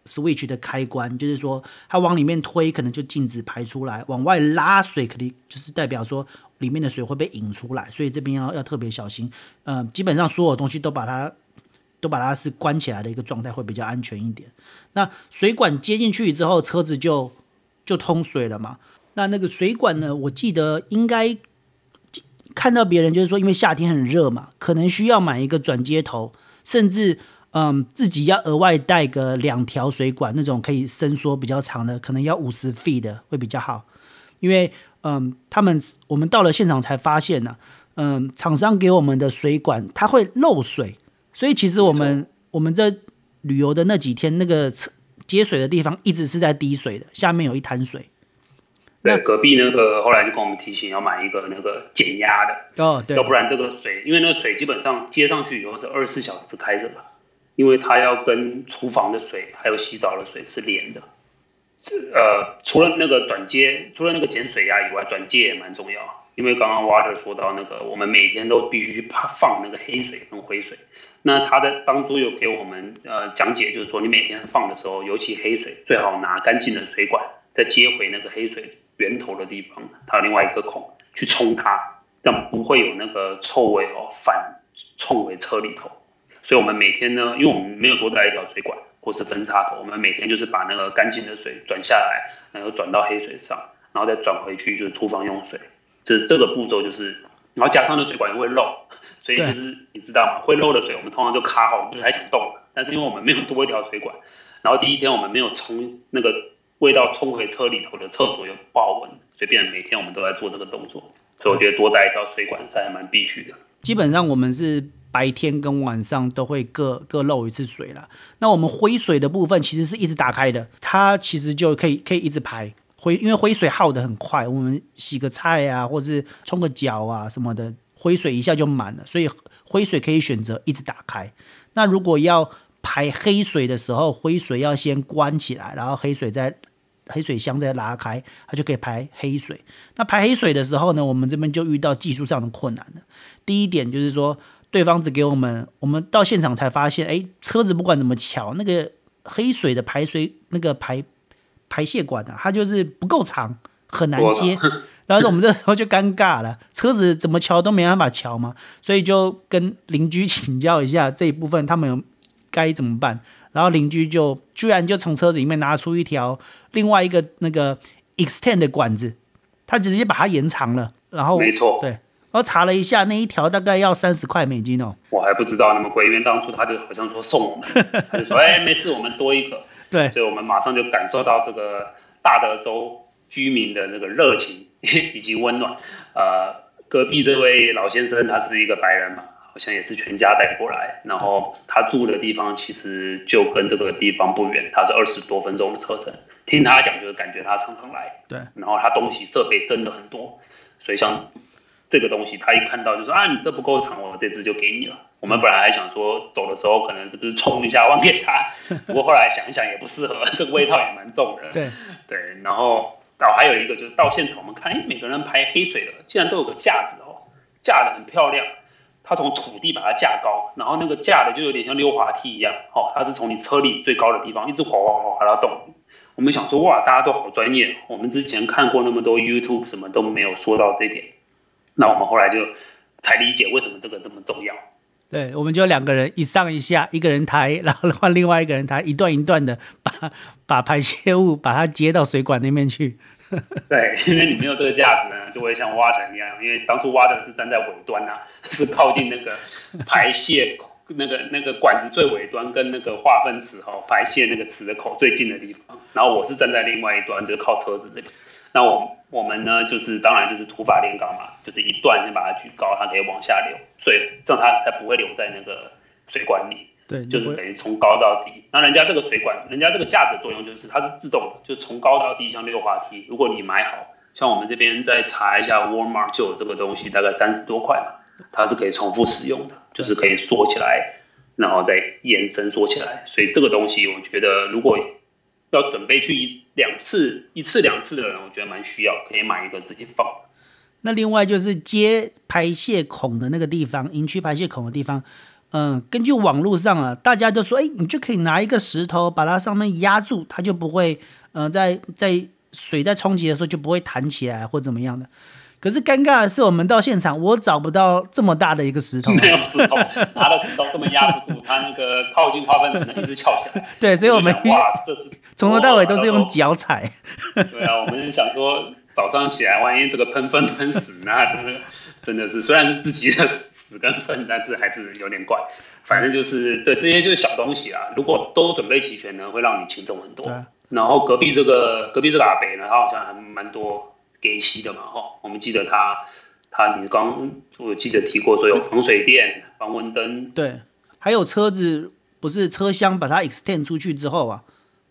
Switch 的開關就是說，它往裡面推可能就禁止排出來，往外拉水肯定就是代表說裡面的水會被引出來，所以這邊要要特別小心。嗯、呃，基本上所有東西都把它都把它是關起來的一個狀態會比較安全一點。那水管接進去之後，車子就就通水了嘛。那那個水管呢，我記得應該看到別人就是說，因為夏天很熱嘛，可能需要買一個轉接頭，甚至。嗯，自己要額外帶個兩條水管，那種可以伸縮比較長的，可能要五十 feet 的會比較好。因為嗯，他們我們到了現場才發現呢、啊，嗯，廠商給我們的水管它會漏水，所以其實我們我們這旅遊的那幾天，那個接水的地方一直是在滴水的，下面有一灘水。那隔壁那個後來就跟我們提醒要買一個那個減壓的，哦，對，要不然這個水，因為那個水基本上接上去以後是二十四小時開着嘛。因為它要跟廚房的水還有洗澡的水是連的，呃，除了那個轉接，除了那個減水壓，啊，以外，轉接也蠻重要。因為剛剛 Water 說到那個，我們每天都必須去放那個黑水跟灰水。那他的當初有給我們呃講解，就是說你每天放的時候，尤其黑水最好拿乾淨的水管再接回那個黑水源頭的地方，它另外一個孔去沖它，這樣不會有那個臭味哦反沖回車裡頭。所以，我們每天呢，因為我們沒有多帶一條水管或是分叉頭，我們每天就是把那個乾淨的水轉下來，然後轉到黑水上，然後再轉回去就是廚房用水。就是這個步驟就是，然後加上的水管也會漏，所以就是你知道嗎，會漏的水我們通常就卡好，我們就是還想動，但是因為我們沒有多一條水管，然後第一天我們沒有沖那個味道衝回車裡頭的廁所又不好聞，所以變成每天我們都在做這個動作。所以我覺得多帶一條水管是還蠻必須的、嗯。基本上我們是。白天跟晚上都會各各漏一次水了。那我們灰水的部分其實是一直打開的，它其實就可以可以一直排灰，因為灰水耗得很快。我們洗個菜啊，或是沖個腳啊什麼的，灰水一下就滿了，所以灰水可以選擇一直打開。那如果要排黑水的時候，灰水要先關起來，然後黑水再黑水箱再拉開，它就可以排黑水。那排黑水的時候呢，我們這邊就遇到技術上的困難了。第一點就是說。對方只給我們，我們到現場才發現，誒，車子不管怎麼喬，那個黑水的排水那個排排泄管啊，它就是不夠長，很難接。然後我們這時候就尷尬了，車子怎麼喬都沒辦法喬嘛，所以就跟鄰居請教一下這一部分他們該怎麼辦。然後鄰居就居然就從車子裡面拿出一條另外一個那個 extend 的管子，他直接把它延長了，然後沒錯，對。我、哦、查了一下，那一條大概要三十塊美金哦。我還不知道那麼貴，因為當初他就好像說送我們， 他就說哎、欸、沒事，我們多一個。對，所以我們馬上就感受到這個大德州居民的那個熱情 以及溫暖。呃，隔壁這位老先生他是一個白人嘛，好像也是全家帶過來，然後他住的地方其實就跟這個地方不遠，他是二十多分鐘的車程。聽他講，就是感覺他常常來，對。然後他東西設備真的很多，所以像。這個東西，他一看到就說啊，你這不夠長，我這只就給你了。我們本來還想說走的時候可能是不是沖一下還給他，不過後來想一想也不適合，這個味道也蠻重的。對，然後然後還有一個就是到現場我們看，哎，每個人排黑水的竟然都有個架子哦，架得很漂亮，他從土地把它架高，然後那個架的就有點像溜滑梯一樣，哦，它是從你車裡最高的地方一直滑滑滑滑到底。我們想說哇，大家都好專業，我們之前看過那麼多 YouTube，什麼都沒有說到這一點。那我們後來就才理解，為什麼這個這麼重要。對，我們就兩個人一上一下，一個人抬，然後換另外一個人抬，一段一段的把把排泄物把它接到水管那邊去。 對，因為你沒有這個架子呢，就會像 Water 一樣。因為當初 Water 是站在尾端啊，是靠近那個排泄 那個那個管子最尾端，跟那個化糞池哈、哦、排泄那個池的口最近的地方。然後我是站在另外一端，就靠車子這裡。那我我們呢，就是當然就是土法煉鋼嘛，就是一段先把它舉高，它可以往下流水，這樣它才不會留在那個水管裡。對，就是等於從高到低。那人家這個水管，人家這個架子的作用就是它是自動的，就從高到低像溜滑梯。如果你買好，好像我們這邊再查一下，沃爾瑪就有這個東西，大概三十多塊嘛，它是可以重複使用的，就是可以縮起來，然後再延伸縮起來。所以這個東西，我覺得如果。要準備去一兩次、一次兩次的人，我覺得蠻需要，可以買一個自己放。那另外就是接排泄孔的那個地方，營區排泄孔的地方，嗯，根據網絡上啊，大家都說，哎、欸，你就可以拿一個石頭把它上面壓住，它就不會，嗯、呃，在在水在衝擊的時候就不會彈起來或怎麼樣的。可是尷尬的是，我們到現場，我找不到這麼大的一個石頭，沒有石頭，他的石頭根本壓不住它 那個靠近花盆，只能一直翹起來。對，所以我們是從頭到尾都是用腳踩。對啊，我們想說早上起來，萬一這個噴糞噴死呢？真的真的是，雖然是自己的屎跟糞，但是還是有點怪。反正就是對這些就是小東西啊，如果都準備齊全呢，會讓你輕鬆很多。然後隔壁這個隔壁這個阿北呢，他好像還蠻多。給吸的嘛，哈、哦，我們記得他，他，你剛我有記得提過，說有防水墊、防蚊燈，對，還有車子不是車廂，把它 extend 出去之後啊，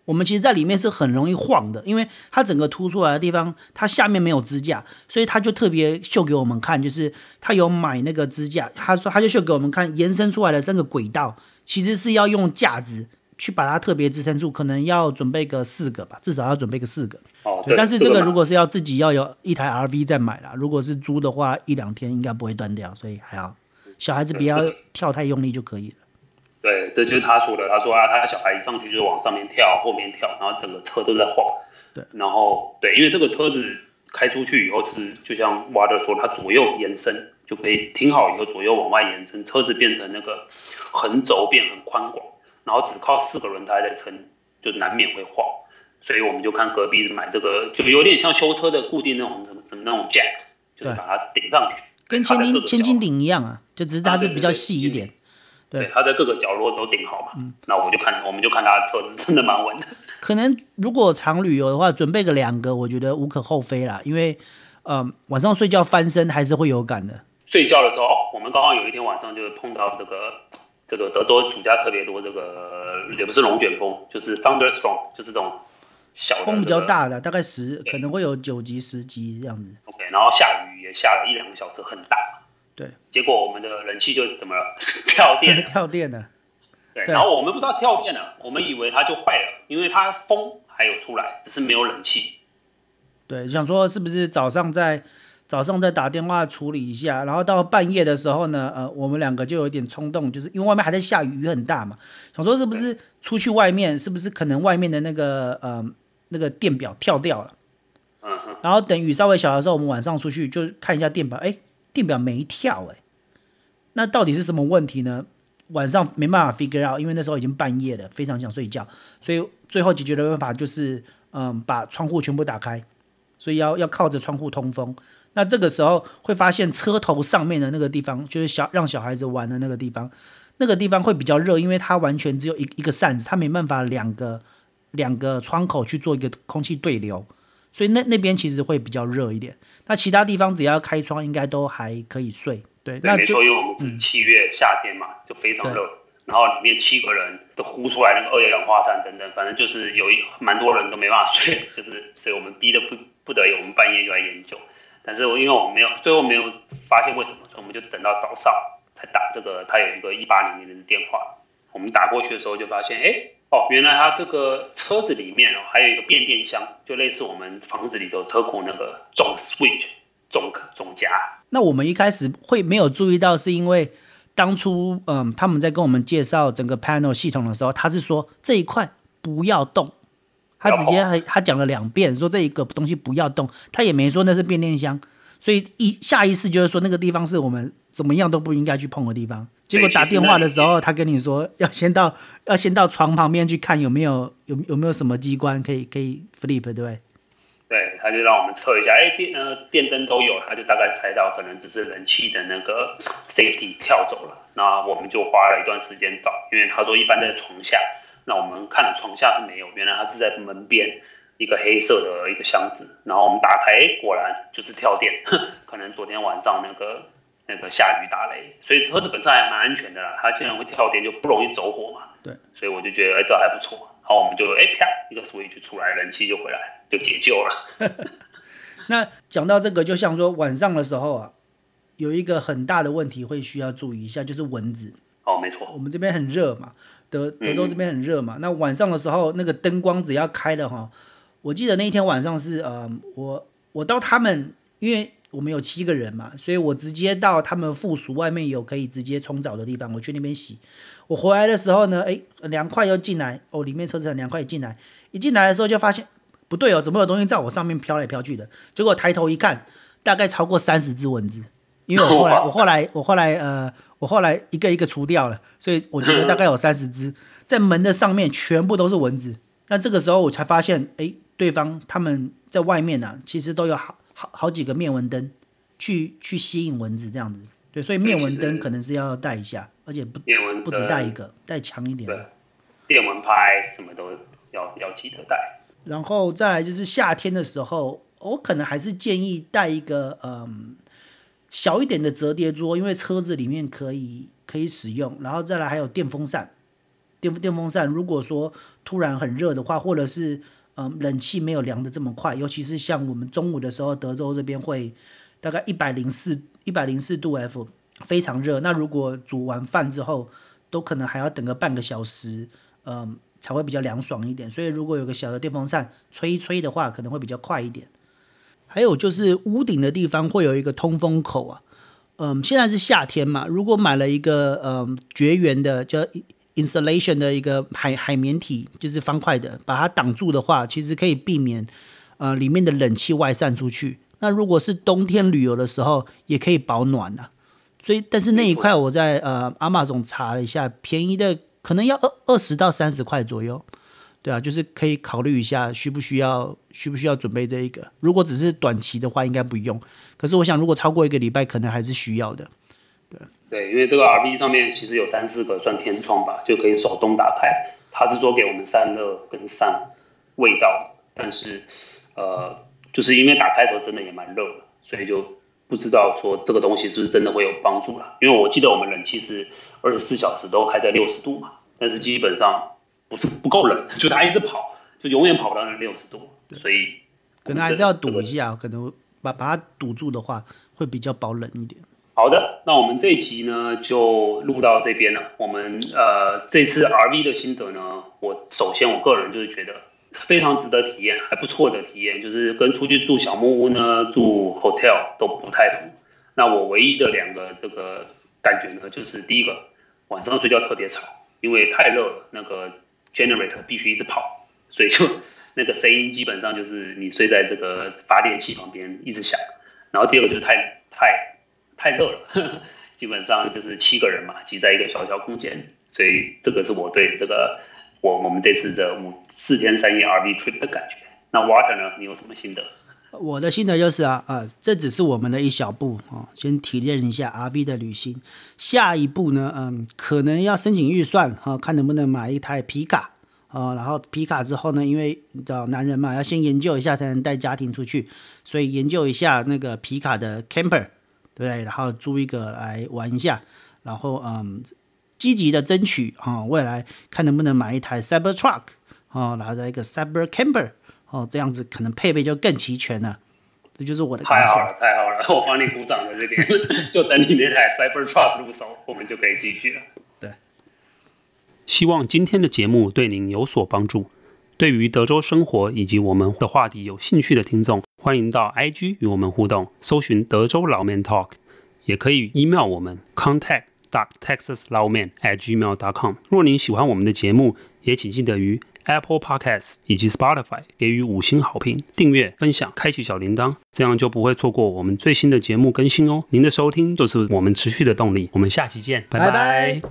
我們其實在裡面是很容易晃的，因為它整個凸出來的地方，它下面沒有支架，所以它就特別秀給我們看，就是他有買那個支架，他說他就秀給我們看，延伸出來的那個軌道其實是要用架子去把它特別支撐住，可能要準備個四個吧，至少要準備個四個。哦，對。但是這個如果是要自己要有一台 RV 再買啦，這個，如果是租的話，一兩天應該不會斷掉，所以還好。小孩子不要跳太用力就可以了，嗯對。對，這就是他說的。他說啊，他小孩一上去就往上面跳，後面跳，然後整個車都在晃。對。然後，對，因為這個車子開出去以後是就像 Water 說的時候，它左右延伸就可以停好以後左右往外延伸，車子變成那個橫軸變很寬廣。然後只靠四個輪胎在撐，就難免會晃，所以我們就看隔壁買這個，就有點像修車的固定那種什麼什麼那種 jack，就是把它頂上去，跟千斤千斤頂一樣啊，就只是它是比較細一點。對對，對，它在各個角落都頂好嘛，嗯，那我們就看我們就看他的車子是真的蠻穩的、嗯，可能如果常旅遊的話，準備個兩個我覺得無可厚非啦，因為、呃，晚上睡覺翻身還是會有感的，睡覺的時候、哦、我們剛好有一天晚上就碰到這個。這個德州暑假特別多，這個也不是龍捲風，就是 thunderstorm，就是這種小、這個、風比較大的，大概十、Okay, 可能會有九級、十級這樣子。OK，然後下雨也下了一兩個小時，很大。對，結果我們的冷氣就怎麼了？ 跳電，跳電了對。對，然後我們不知道跳電了，我們以為它就壞了、嗯，因為它風還有出來，只是沒有冷氣。對，想說是不是早上在。早上再打電話處理一下，然後到半夜的時候呢，呃，我們兩個就有點衝動，就是因為外面還在下雨，雨很大嘛，想說是不是出去外面，是不是可能外面的那個呃那個電表跳掉了？然後等雨稍微小的時候，我們晚上出去就看一下電表，哎，電表沒跳，欸，誒，那到底是什麼問題呢？晚上沒辦法 figure out，因為那時候已經半夜了，非常想睡覺，所以最後解決的辦法就是嗯，呃，把窗戶全部打開，所以要要靠着窗戶通風。那這個時候會發現車頭上面的那個地方，就是小讓小孩子玩的那個地方，那個地方會比較熱，因為它完全只有一一個扇子，它沒辦法兩個兩個窗口去做一個空氣對流，所以那那邊其實會比較熱一點。那其他地方只要開窗，應該都還可以睡。對，對那就沒錯，因為我們是七月夏天嘛，嗯、就非常熱，然後裡面七個人都呼出來那個二氧化碳等等，反正就是有一蠻多人都沒辦法睡，就是所以我們逼得不不得已，我們半夜就來研究。但是我因為我們沒有最後沒有發現為什麼，所以我們就等到早上才打這個，他有一個一八零零的電話。我們打過去的時候就發現，哎、欸，哦，原來他這個車子裡面哦還有一個變電箱，就類似我們房子裡頭車庫那個總 switch 總總閘。那我們一開始會沒有注意到，是因為當初嗯他們在跟我們介紹整個 panel 系統的時候，他是說，這一塊不要動。他直接還他講了兩遍，說這一個東西不要動，他也沒說那是變電箱，所以下意識就是說那個地方是我們怎麼樣都不應該去碰的地方。結果打電話的時候，他跟你說要先到要先到床旁邊去看有沒有有有沒有什麼機關可以可以 flip，對不對？對，他就讓我們測一下，哎，電呃電燈都有，他就大概猜到可能只是冷氣的那個 safety 跳走了，那我們就花了一段時間找，因為他說一般在床下。那我們看了床下是沒有，原來它是在門邊一個黑色的一個箱子，然後我們打開，果然就是跳電，可能昨天晚上那個那個下雨打雷，所以車子本身還蠻安全的啦，它既然會跳電，就不容易走火嘛，對。所以我就覺得，哎，這還不錯。好，我們就，哎，啪，一個 switch 出來，人氣就回來，就解救了。 那講到這個，就像說晚上的時候啊，有一個很大的問題會需要注意一下，就是蚊子。哦，沒錯，我們這邊很熱嘛。德德州這邊很熱嘛，那晚上的時候那個燈光只要開了哈，我記得那一天晚上是呃，我我到他們，因為我們有七個人嘛，所以我直接到他們附屬外面有可以直接沖澡的地方，我去那邊洗。我回來的時候呢，哎、欸，很涼快，又進來，哦、喔，裡面車子很涼快，一進來，一進來的時候就發現不對哦、喔，怎麼有東西在我上面飄來飄去的？結果抬頭一看，大概超過三十隻蚊子。因為我後來我後來我後來呃我後來一個一個除掉了，所以我覺得大概有三十隻在門的上面，全部都是蚊子。那這個時候我才發現，哎，對方他們在外面呢、啊，其實都有好好好幾個滅蚊燈去去吸引蚊子這樣子。對，所以滅蚊燈可能是要帶一下，而且不不止帶一個，帶強一點的電蚊拍什麼都要要記得帶。然後再來就是夏天的時候，我可能還是建議帶一個嗯、呃。小一點的摺疊桌，因為車子裡面可以可以使用，然後再來還有電風扇，電電風扇，如果說突然很熱的話，或者是嗯冷氣沒有涼得這麼快，尤其是像我們中午的時候，德州這邊會大概一百零四一百零四度 F，非常熱。那如果煮完飯之後，都可能還要等個半個小時，嗯才會比較涼爽一點。所以如果有個小的電風扇吹一吹的話，可能會比較快一點。還有就是屋頂的地方會有一個通風口啊，嗯，現在是夏天嘛，如果買了一個嗯絕緣的叫 insulation 的一個海海綿體，就是方塊的，把它擋住的話，其實可以避免呃裡面的冷氣外散出去。那如果是冬天旅遊的時候，也可以保暖啊，所以，但是那一塊我在呃 Amazon 查了一下，便宜的可能要二二十到三十塊左右。對啊，就是可以考慮一下需不需要，需不需要準備這一個。如果只是短期的話，應該不用。可是我想，如果超過一個禮拜，可能還是需要的。對，對，因為這個 RV 上面其實有三四個算天窗吧，就可以手動打開。它是說給我們散熱跟散味道，但是呃，就是因為打開的時候真的也蠻熱的，所以就不知道說這個東西是不是真的會有幫助了。因為我記得我們冷氣是二十四小時都開在六十度嘛，但是基本上。不是不夠冷，就他一直跑，就永遠跑不到那六十度， 所以可能還是要堵一下、這個，可能把把它堵住的話會比較保冷一點。好的，那我們這一集呢就錄到這邊了。我們呃這次 RV 的心得呢，我首先我個人就是覺得非常值得體驗，還不錯的體驗，就是跟出去住小木屋呢、住 hotel 都不太同。那我唯一的兩個這個感覺呢，就是第一個晚上睡覺特別吵，因為太熱了，那個。Generator 必須一直跑，所以就那個聲音基本上就是你睡在這個發電機旁邊一直響。然後第二個就是太太太熱了呵呵，基本上就是七個人嘛，擠在一個小小空間，所以這個是我對這個我我們這次的五四天三夜 RV trip 的感覺。那 Water 呢，你有什麼心得？我的心得就是啊，呃，這只是我們的一小步啊、哦，先體驗一下 RV 的旅行。下一步呢，嗯，可能要申請預算啊、哦，看能不能買一台皮卡啊、哦。然後皮卡之後呢，因為找男人嘛，要先研究一下才能帶家庭出去，所以研究一下那個皮卡的 camper，對不對？然後租一個來玩一下。然後嗯，積極的爭取啊、哦，未來看能不能買一台 Cyber Truck 啊、哦，然後再一個 Cyber Camper。哦，這樣子可能配備就更齊全了，這就是我的。太好了，太好了，我幫你鼓掌在這邊， 就等你那台 Cyber Truck 入手，我們就可以繼續了。對，希望今天的節目對您有所幫助。對於德州生活以及我們的話題有興趣的聽眾，歡迎到 IG 與我們互動，搜尋德州老 man Talk，也可以 email 我們 contact dot texaslaoman at gmail dot com。若您喜歡我們的節目，也請記得於 Apple Podcasts 以及 Spotify 給予五星好評，訂閱、分享、開啟小鈴鐺，這樣就不會錯過我們最新的節目更新哦。您的收聽就是我們持續的動力，我們下期見，拜拜。拜拜